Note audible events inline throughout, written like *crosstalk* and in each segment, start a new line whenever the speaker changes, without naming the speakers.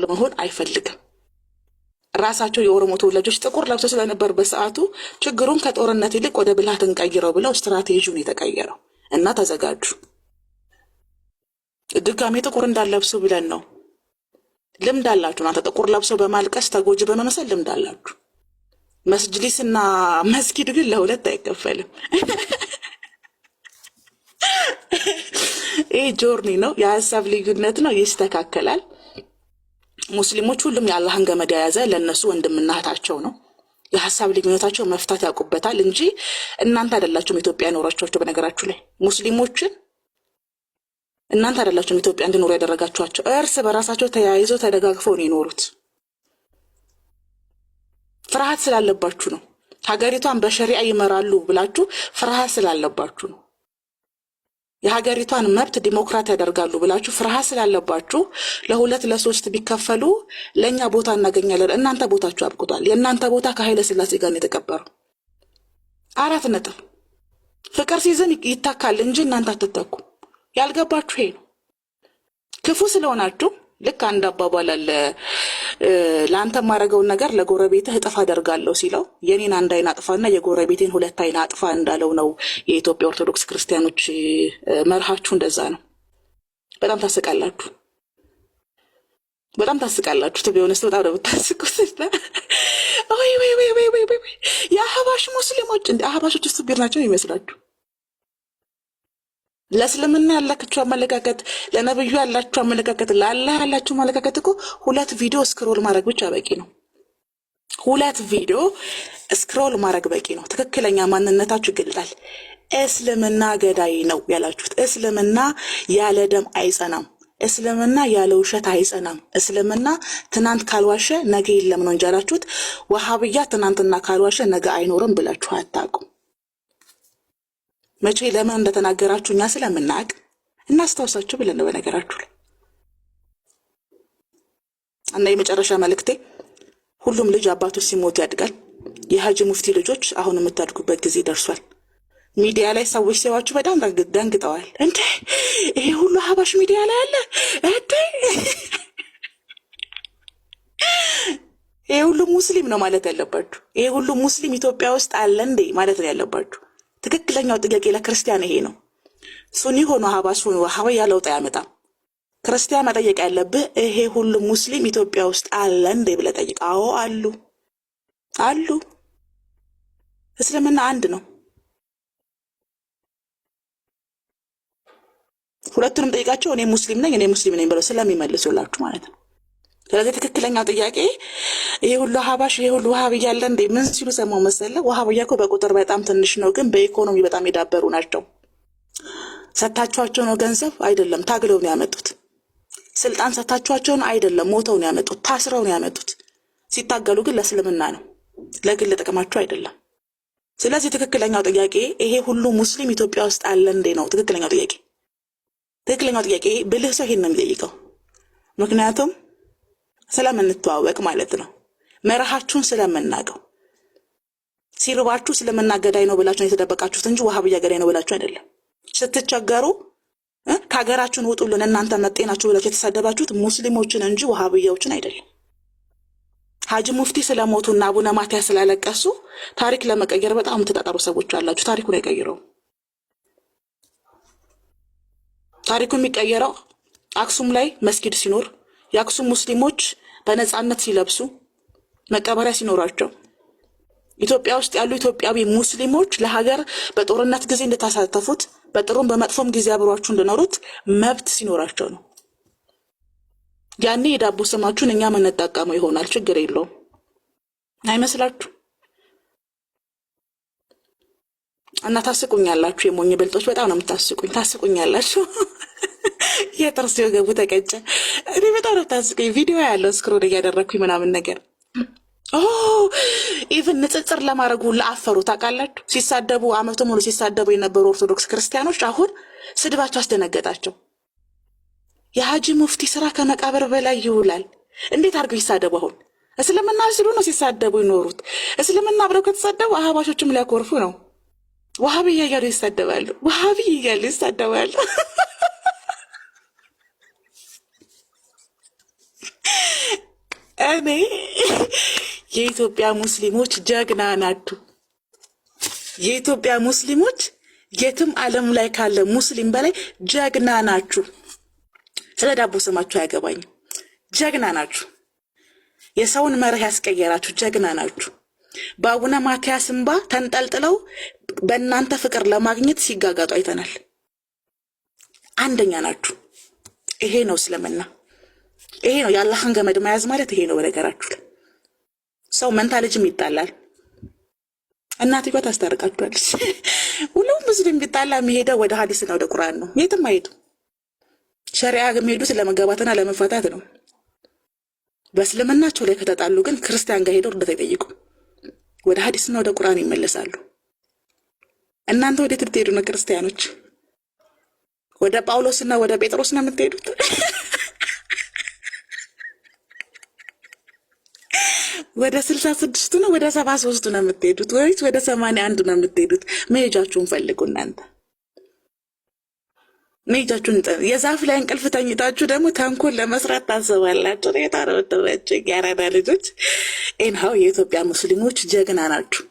ጋር መሆን አይፈልግም። ራሳቸው የኦሮሞ ተወላጆች ጥቁር ለብሰው ስለነበር በሰዓቱ ችግሩን ከጦርነት ይልቅ ወደ ብልሃት እንቀይረው ብለው ስትራቴጂውን የተቀየረው እና ተዘጋጁ። ድጋሜ ጥቁር እንዳለብሱ ብለን ነው። ልምድ አላችሁ እናንተ ጥቁር ለብሰው በማልቀስ ተጎጂ በመመሰል ልምድ አላችሁ። መስጅሊስና መስጊድ ግን ለሁለት አይከፈልም። *laughs* ይህ ጆርኒ ነው፣ የሀሳብ ልዩነት ነው፣ ይስተካከላል። ሙስሊሞች ሁሉም የአላህን ገመድ የያዘ ለእነሱ ወንድምናታቸው ነው። የሀሳብ ልዩነታቸው መፍታት ያውቁበታል እንጂ እናንተ አይደላችሁም ኢትዮጵያ ያኖራችኋቸው። በነገራችሁ ላይ ሙስሊሞችን እናንተ አይደላችሁም ኢትዮጵያ እንዲኖሩ ያደረጋችኋቸው። እርስ በራሳቸው ተያይዘው ተደጋግፈው ነው የኖሩት። ፍርሃት ስላለባችሁ ነው። ሀገሪቷን በሸሪያ ይመራሉ ብላችሁ ፍርሃት ስላለባችሁ ነው። የሀገሪቷን መብት ዲሞክራት ያደርጋሉ ብላችሁ ፍርሃት ስላለባችሁ ለሁለት ለሶስት ቢከፈሉ ለእኛ ቦታ እናገኛለን። እናንተ ቦታችሁ አብቅቷል። የእናንተ ቦታ ከኃይለ ስላሴ ጋር የተቀበረው። አራት ነጥብ። ፍቅር ሲዝን ይታካል እንጂ እናንተ አትተኩም። ያልገባችሁ ይሄ ነው። ክፉ ስለሆናችሁ ልክ አንድ አባባል አለ። ለአንተ የማደርገውን ነገር ለጎረቤትህ እጥፍ አደርጋለሁ ሲለው የኔን አንድ አይን አጥፋና የጎረቤቴን ሁለት አይን አጥፋ እንዳለው ነው የኢትዮጵያ ኦርቶዶክስ ክርስቲያኖች መርሃችሁ እንደዛ ነው። በጣም ታስቃላችሁ፣ በጣም ታስቃላችሁ። ትብ ቢ በጣም ነው የምታስቁትና ወይ ወይ ወይ ወይ ወይ ወይ የአህባሽ ሙስሊሞች እንደ አህባሾች ስቢር ናቸው ይመስላችሁ ለእስልምና ያላችሁ አመለካከት፣ ለነብዩ ያላችሁ አመለካከት፣ ለአላህ ያላችሁ አመለካከት እኮ ሁለት ቪዲዮ ስክሮል ማድረግ ብቻ በቂ ነው። ሁለት ቪዲዮ ስክሮል ማድረግ በቂ ነው። ትክክለኛ ማንነታችሁ ይገልጣል። እስልምና ገዳይ ነው ያላችሁት፣ እስልምና ያለ ደም አይጸናም፣ እስልምና ያለ ውሸት አይጸናም፣ እስልምና ትናንት ካልዋሸ ነገ የለም ነው እንጂ ያላችሁት። ወሃብያ ትናንትና ካልዋሸ ነገ አይኖርም ብላችሁ አታውቁም። መቼ ለምን እንደተናገራችሁ እኛ ስለምናውቅ እናስታውሳችሁ ብለን ነው። በነገራችሁ ላይ እና የመጨረሻ መልእክቴ ሁሉም ልጅ አባቶች ሲሞቱ ያድጋል። የሀጂ ሙፍቲ ልጆች አሁን የምታድጉበት ጊዜ ደርሷል። ሚዲያ ላይ ሰዎች ሲዋችሁ በጣም ደንግጠዋል። እንዴ ይሄ ሁሉ ሀባሽ ሚዲያ ላይ አለ እንዴ? ይሄ ሁሉ ሙስሊም ነው ማለት ያለባችሁ። ይሄ ሁሉ ሙስሊም ኢትዮጵያ ውስጥ አለ እንዴ ማለት ነው ያለባችሁ። ትክክለኛው ጥያቄ ለክርስቲያን ይሄ ነው። ሱኒ ሆኖ ሱኒ ሀባ ያ ለውጥ አያመጣም። ክርስቲያን መጠየቅ ያለብህ ይሄ ሁሉም ሙስሊም ኢትዮጵያ ውስጥ አለ እንዴ ብለህ ጠይቅ። አዎ አሉ አሉ። እስልምና አንድ ነው። ሁለቱንም ጠይቃቸው። እኔ ሙስሊም ነኝ እኔ ሙስሊም ነኝ ብለው ስለሚመልሱላችሁ ማለት ነው። ስለዚህ ትክክለኛው ጥያቄ ይሄ ሁሉ ሀባሽ ይሄ ሁሉ ውሃብ እያለ እንዴ ምን ሲሉ ሰማው መሰለ። ውሃብያ እኮ በቁጥር በጣም ትንሽ ነው፣ ግን በኢኮኖሚ በጣም የዳበሩ ናቸው። ሰታችኋቸው ነው ገንዘብ አይደለም፣ ታግለው ነው ያመጡት። ስልጣን ሰታችኋቸው አይደለም፣ ሞተው ነው ያመጡት፣ ታስረው ነው ያመጡት። ሲታገሉ ግን ለእስልምና ነው፣ ለግል ጥቅማቸው አይደለም። ስለዚህ ትክክለኛው ጥያቄ ይሄ ሁሉ ሙስሊም ኢትዮጵያ ውስጥ አለ እንዴ ነው ትክክለኛው ጥያቄ። ትክክለኛው ጥያቄ ብልህ ሰው ይሄን ነው የሚጠይቀው ምክንያቱም ስለምንተዋወቅ ማለት ነው። መርሃችሁን ስለምናገው ሲርባችሁ እስልምና ገዳይ ነው ብላችሁ የተደበቃችሁት እንጂ ወሃብያ ገዳይ ነው ብላችሁ አይደለም። ስትቸገሩ ከሀገራችሁን ውጡልን እናንተ መጤናችሁ ብላችሁ የተሳደባችሁት ሙስሊሞችን እንጂ ውሃብያዎችን አይደለም። ሀጂ ሙፍቲ ስለሞቱና አቡነ ማትያስ ስላለቀሱ ታሪክ ለመቀየር በጣም የምትጣጣሩ ሰዎች አላችሁ። ታሪኩን አይቀይረውም። ታሪኩ የሚቀየረው አክሱም ላይ መስጊድ ሲኖር የአክሱም ሙስሊሞች በነፃነት ሲለብሱ መቀበሪያ ሲኖራቸው ኢትዮጵያ ውስጥ ያሉ ኢትዮጵያዊ ሙስሊሞች ለሀገር በጦርነት ጊዜ እንደተሳተፉት በጥሩም በመጥፎም ጊዜ አብሯችሁ እንደኖሩት መብት ሲኖራቸው ነው። ያኔ የዳቦ ስማችሁን እኛ የምንጠቀመው ይሆናል። ችግር የለውም አይመስላችሁ? እና ታስቁኛላችሁ። የሞኝ ብልጦች በጣም ነው የምታስቁኝ። ታስቁኛላችሁ። የጥርስ ሲወገቡ ተቀጨ። እኔ በጣም ነው ታስቀኝ። ቪዲዮ ያለው ስክሮል እያደረግኩኝ ምናምን ነገር ኢቭን ንጽጽር ለማድረጉ ለአፈሩ አፈሩ። ታውቃላችሁ፣ ሲሳደቡ አመቱ ሙሉ ሲሳደቡ የነበሩ ኦርቶዶክስ ክርስቲያኖች አሁን ስድባቸው አስደነገጣቸው። የሀጂ ሙፍቲ ስራ ከመቃብር በላይ ይውላል። እንዴት አድርገው ይሳደቡ? አሁን እስልምና ሲሉ ነው ሲሳደቡ ይኖሩት። እስልምና ብለው ከተሳደቡ አህባሾችም ሊያኮርፉ ነው። ዋሃቢ እያሉ ይሳደባሉ። ዋሃቢ እያሉ ይሳደባሉ። እኔ የኢትዮጵያ ሙስሊሞች ጀግና ናችሁ። የኢትዮጵያ ሙስሊሞች የትም ዓለም ላይ ካለ ሙስሊም በላይ ጀግና ናችሁ። ስለ ዳቦ ስማችሁ አያገባኝም። ጀግና ናችሁ። የሰውን መርህ ያስቀየራችሁ ጀግና ናችሁ። በአቡነ ማትያስ እንባ ተንጠልጥለው በእናንተ ፍቅር ለማግኘት ሲጋጋጡ አይተናል። አንደኛ ናችሁ። ይሄ ነው እስልምና። ይሄ ነው የአላህን ገመድ መያዝ ማለት ይሄ ነው። በነገራችሁ ሰው መንታ ልጅም ይጣላል፣ እናትዮ ታስታርቃችኋለች። *laughs* ሁሉም ሙስሊም ቢጣላ የሚሄደው ወደ ሀዲስና ወደ ቁርአን ነው። የትም አይሄዱ። ሸሪያ የሚሄዱት ለመጋባትና ለመፋታት ነው። በእስልምናቸው ላይ ከተጣሉ ግን ክርስቲያን ጋር ሄደው እርዳታ አይጠይቁም። ወደ ሀዲስና ወደ ቁርአን ይመለሳሉ። እናንተ ወዴት ብትሄዱ ነው ክርስቲያኖች? ወደ ጳውሎስና ወደ ጴጥሮስ ነው የምትሄዱት? *laughs* ወደ ስልሳ ስድስቱ ነው ወደ ሰባ ሶስቱ ነው የምትሄዱት ወይስ ወደ ሰማንያ አንዱ ነው የምትሄዱት? መሄጃችሁን ፈልጉ። እናንተ መሄጃችሁን የዛፍ ላይ እንቅልፍ ተኝታችሁ ደግሞ ተንኮል ለመስራት ታስባላችሁ። ሬታ ረወተበች ልጆች ኤንሃው የኢትዮጵያ ሙስሊሞች ጀግና ናችሁ።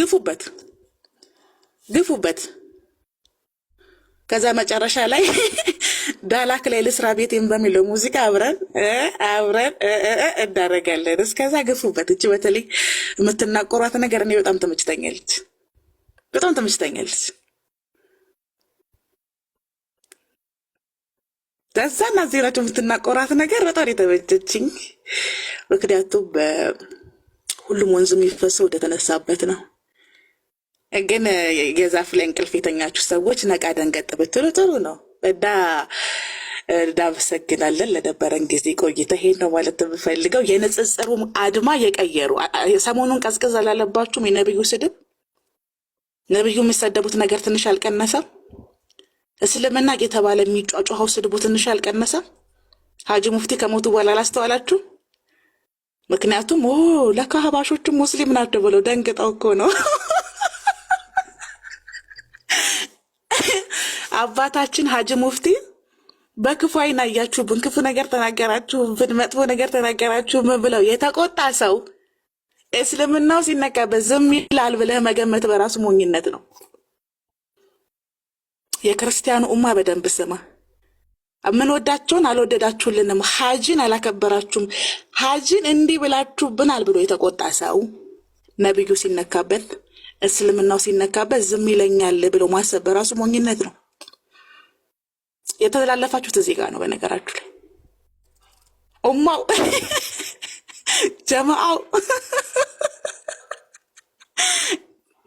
ግፉበት፣ ግፉበት ከዛ መጨረሻ ላይ ዳላክ ላይ ልስራ ቤቴን በሚለው ሙዚቃ አብረን አብረን እናደርጋለን። እስከዛ ገፉበት። እች በተለይ የምትናቆሯት ነገር እኔ በጣም ተመችተኛለች፣ በጣም ተመችተኛለች። ከዛ እና ዜናቸው የምትናቆራት ነገር በጣም የተመቸችኝ፣ ምክንያቱም በሁሉም ወንዝ የሚፈሰው ተነሳበት ነው። ግን የዛፍ ላይ እንቅልፍ የተኛችሁ ሰዎች ነቃ ደንገጥ ብትሉ ጥሩ ነው። እና እናመሰግናለን ለነበረን ጊዜ ቆይታ። ይሄን ነው ማለት የምፈልገው። የንጽጽሩም አድማ የቀየሩ ሰሞኑን ቀዝቅዝ አላለባችሁም? የነብዩ ስድብ ነብዩ የሚሰደቡት ነገር ትንሽ አልቀነሰም? እስልምና የተባለ የሚጫጫኸው ስድቡ ትንሽ አልቀነሰም? ሀጂ ሙፍቲ ከሞቱ በኋላ አላስተዋላችሁ? ምክንያቱም ለካ ሙስሊም ናቸው ብለው ደንግጠው እኮ ነው አባታችን ሀጅ ሙፍቲ በክፉ አይን አያችሁብን፣ ክፉ ነገር ተናገራችሁብን፣ መጥፎ ነገር ተናገራችሁብን ብለው የተቆጣ ሰው እስልምናው ሲነካበት ዝም ይላል ብለህ መገመት በራሱ ሞኝነት ነው። የክርስቲያኑ ኡማ በደንብ ስማ። የምንወዳቸውን አልወደዳችሁልንም፣ ሀጅን አላከበራችሁም፣ ሀጅን እንዲህ ብላችሁብናል ብሎ የተቆጣ ሰው ነቢዩ ሲነካበት፣ እስልምናው ሲነካበት ዝም ይለኛል ብሎ ማሰብ በራሱ ሞኝነት ነው። የተላለፋችሁት እዚህ ጋር ነው። በነገራችሁ ላይ ኦማው *laughs* ጀማአው *laughs*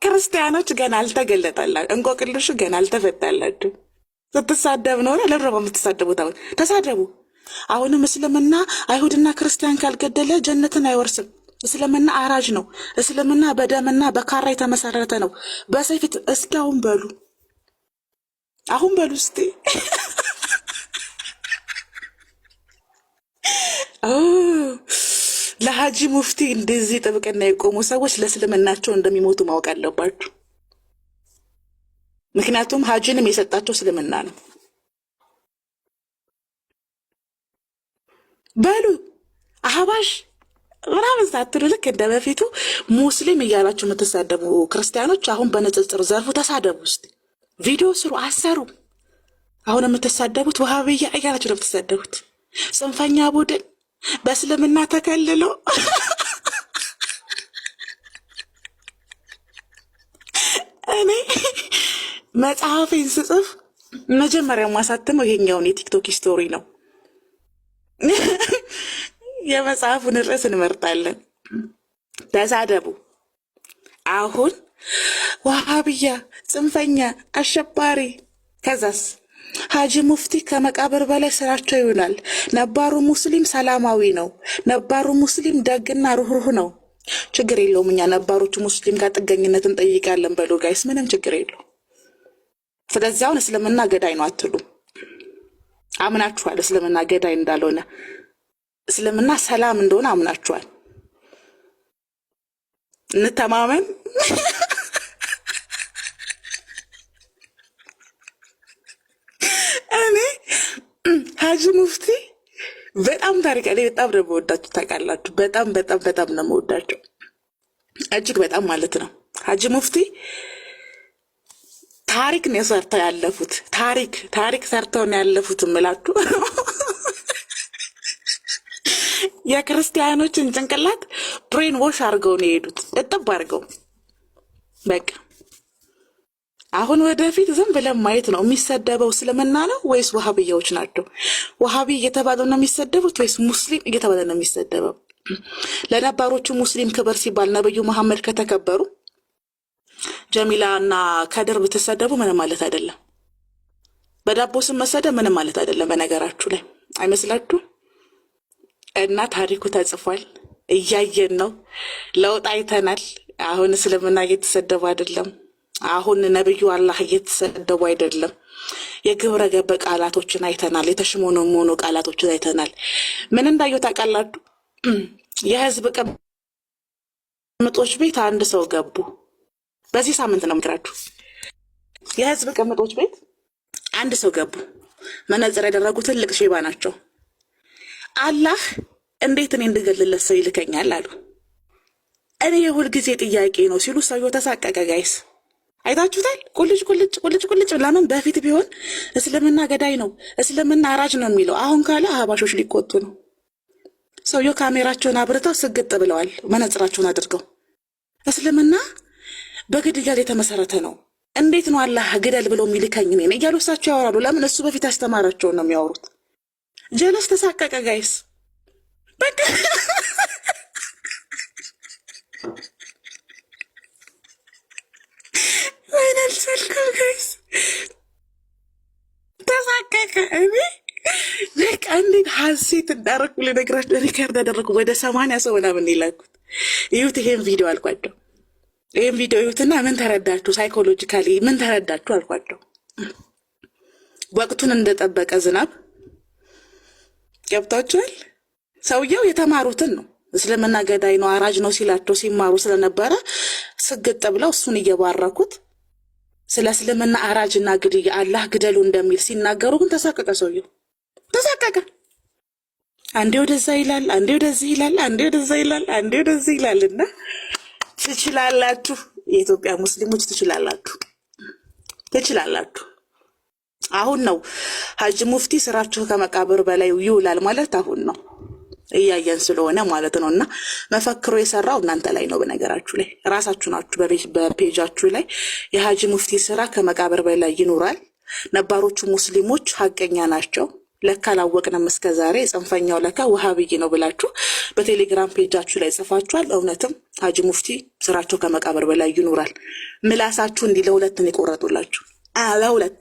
ክርስቲያኖች ገና አልተገለጠላችሁ፣ እንቆቅልሹ ገና አልተፈታላችሁ። ስትሳደብ ነው ለረ የምትሳደቡት። አሁን ተሳደቡ። አሁንም እስልምና አይሁድና ክርስቲያን ካልገደለ ጀነትን አይወርስም። እስልምና አራጅ ነው። እስልምና በደምና በካራ የተመሰረተ ነው። በሰፊት እስዳውን በሉ አሁን በሉ እስቲ ለሀጂ ሙፍቲ እንደዚህ ጥብቅና የቆሙ ሰዎች ለእስልምናቸው እንደሚሞቱ ማወቅ አለባችሁ። ምክንያቱም ሀጂንም የሰጣቸው እስልምና ነው። በሉ አህባሽ ምናምን ሳትሉ ልክ እንደ በፊቱ ሙስሊም እያላችሁ የምትሳደቡ ክርስቲያኖች አሁን በንጽጽር ዘርፉ ተሳደቡ እስቲ። ቪዲዮ ስሩ፣ አሰሩ። አሁን የምትሳደቡት ውሃብያ እያላችሁ ነው የምትሳደቡት። ጽንፈኛ ቡድን በእስልምና ተከልሎ *laughs* እኔ መጽሐፌን ስጽፍ መጀመሪያ ማሳትመው ይሄኛውን የቲክቶክ ስቶሪ ነው። *laughs* የመጽሐፉን ርዕስ እንመርጣለን። ተሳደቡ አሁን ዋሃብያ፣ ጽንፈኛ፣ አሸባሪ። ከዛስ ሀጂ ሙፍቲ ከመቃብር በላይ ስራቸው ይሆናል። ነባሩ ሙስሊም ሰላማዊ ነው። ነባሩ ሙስሊም ደግና ሩህሩህ ነው። ችግር የለውም። እኛ ነባሮቹ ሙስሊም ጋር ጥገኝነት እንጠይቃለን በሉ ጋይስ፣ ምንም ችግር የለው። ስለዚህ አሁን እስልምና ገዳይ ነው አትሉም። አምናችኋል፣ እስልምና ገዳይ እንዳልሆነ እስልምና ሰላም እንደሆነ አምናችኋል። እንተማመን። እኔ ሀጂ ሙፍቲ በጣም ታሪክ እኔ በጣም ነው መወዳችሁ ታውቃላችሁ። በጣም በጣም በጣም ነው መወዳቸው እጅግ በጣም ማለት ነው። ሀጂ ሙፍቲ ታሪክ ነው ሰርተው ያለፉት። ታሪክ ታሪክ ሰርተው ነው ያለፉት እምላችሁ *laughs* የክርስቲያኖችን ጭንቅላት ብሬን ዎሽ አድርገው ነው የሄዱት። እጥብ አድርገው በቃ አሁን ወደፊት ዝም ብለን ማየት ነው። የሚሰደበው እስልምና ነው ወይስ ውሃብያዎች ናቸው? ውሃቢ እየተባለ ነው የሚሰደቡት ወይስ ሙስሊም እየተባለ ነው የሚሰደበው? ለነባሮቹ ሙስሊም ክብር ሲባል ነብዩ መሐመድ ከተከበሩ ጀሚላ እና ከድር ብትሰደቡ ምንም ማለት አይደለም። በዳቦ ስም መሰደብ ምንም ማለት አይደለም። በነገራችሁ ላይ አይመስላችሁ እና ታሪኩ ተጽፏል። እያየን ነው። ለውጥ አይተናል። አሁን እስልምና እየተሰደቡ አይደለም። አሁን ነብዩ አላህ እየተሰደቡ አይደለም። የግብረ ገብ ቃላቶችን አይተናል። የተሽሞኖሞኖ ቃላቶችን አይተናል። ምን እንዳዩ ታውቃላችሁ? የህዝብ ቅምጦች ቤት አንድ ሰው ገቡ። በዚህ ሳምንት ነው ምክራችሁ። የህዝብ ቅምጦች ቤት አንድ ሰው ገቡ። መነጽር ያደረጉ ትልቅ ሼባ ናቸው። አላህ እንዴት እኔ እንድገልለት ሰው ይልከኛል አሉ። እኔ የሁልጊዜ ጥያቄ ነው ሲሉ ሰውየው ተሳቀቀ። ጋይስ አይታችሁታል። ቁልጭ ቁልጭ ቁልጭ ቁልጭ። ለምን በፊት ቢሆን እስልምና ገዳይ ነው እስልምና አራጅ ነው የሚለው፣ አሁን ካለ አህባሾች ሊቆጡ ነው። ሰውየው ካሜራቸውን አብርተው ስግጥ ብለዋል፣ መነጽራቸውን አድርገው። እስልምና በግድያል የተመሰረተ ነው። እንዴት ነው አላህ ግደል ብለው የሚልከኝ እኔን እያሉ እሳቸው ያወራሉ። ለምን እሱ በፊት ያስተማራቸውን ነው የሚያወሩት። ጀለስ ተሳቀቀ ጋይስ በቃ ሀሴት እንዳረኩ ልነግራችሁ ሪከርድ ያደረኩ ወደ ሰማንያ ሰው ምናምን ይላኩት ይሁት ይሄን ቪዲዮ አልኳቸው። ይህም ቪዲዮ ይሁትና ምን ተረዳችሁ ሳይኮሎጂካሊ ምን ተረዳችሁ አልኳቸው። ወቅቱን እንደጠበቀ ዝናብ ገብታችኋል። ሰውየው የተማሩትን ነው እስልምና ገዳይ ነው አራጅ ነው ሲላቸው ሲማሩ ስለነበረ ስግጥ ብለው እሱን እየባረኩት ስለ እስልምና አራጅና ግድያ አላህ ግደሉ እንደሚል ሲናገሩ ግን ተሳቀቀ። ሰውየው ተሳቀቀ። አንዴ ወደዛ ይላል፣ አንዴ ወደዚህ ይላል፣ አንዴ ወደዛ ይላል፣ አንዴ ወደዚህ ይላል እና ትችላላችሁ፣ የኢትዮጵያ ሙስሊሞች ትችላላችሁ፣ ትችላላችሁ። አሁን ነው ሀጅ ሙፍቲ ስራችሁ ከመቃብር በላይ ይውላል ማለት አሁን ነው እያየን ስለሆነ ማለት ነው። እና መፈክሮ የሰራው እናንተ ላይ ነው። በነገራችሁ ላይ ራሳችሁ ናችሁ። በፔጃችሁ ላይ የሀጂ ሙፍቲ ስራ ከመቃብር በላይ ይኖራል፣ ነባሮቹ ሙስሊሞች ሀቀኛ ናቸው ለካ አላወቅንም እስከ ዛሬ። ጽንፈኛው ለካ ውሃብይ ነው ብላችሁ በቴሌግራም ፔጃችሁ ላይ ጽፋችኋል። እውነትም ሀጂ ሙፍቲ ስራቸው ከመቃብር በላይ ይኖራል። ምላሳችሁ እንዲህ ለሁለት ነው የቆረጡላችሁ። ለሁለት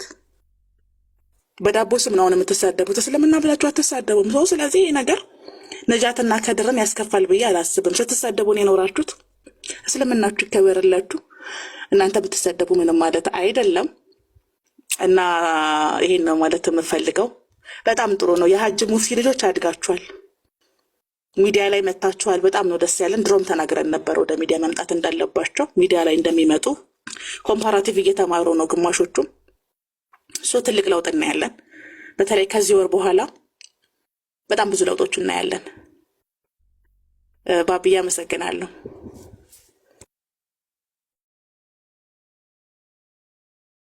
በዳቦ ስም ነው አሁን የምትሳደቡት። እስልምና ብላችሁ አትሳደቡም ሰው። ስለዚህ ይህ ነገር ነጃትና ከድርን ያስከፋል ብዬ አላስብም። ነው የኖራችሁት እስልምናችሁ ይከበርላችሁ። እናንተ ብትሰደቡ ምንም ማለት አይደለም እና ይሄን ነው ማለት የምፈልገው። በጣም ጥሩ ነው። የሀጅ ሙፍቲ ልጆች አድጋችኋል፣ ሚዲያ ላይ መታችኋል። በጣም ነው ደስ ያለን። ድሮም ተናግረን ነበር ወደ ሚዲያ መምጣት እንዳለባቸው። ሚዲያ ላይ እንደሚመጡ ኮምፓራቲቭ እየተማሩ ነው ግማሾቹም። እሱ ትልቅ ለውጥ እናያለን። በተለይ ከዚህ ወር በኋላ በጣም ብዙ ለውጦች እናያለን። ባብዬ አመሰግናለሁ።